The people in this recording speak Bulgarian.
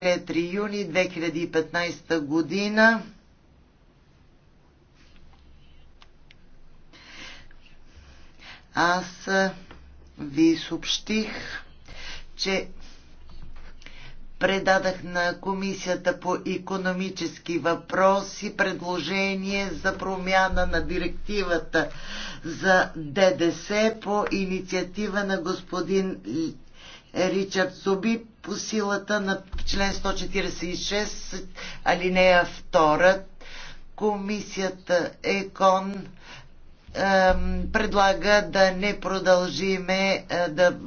3 юни 2015 година. Аз ви съобщих, че предадах на Комисията по економически въпроси предложение за промяна на директивата за ДДС по инициатива на господин Ричард Суби по силата на член 146 алинея 2. Комисията ЕКОН предлага да не продължиме е, да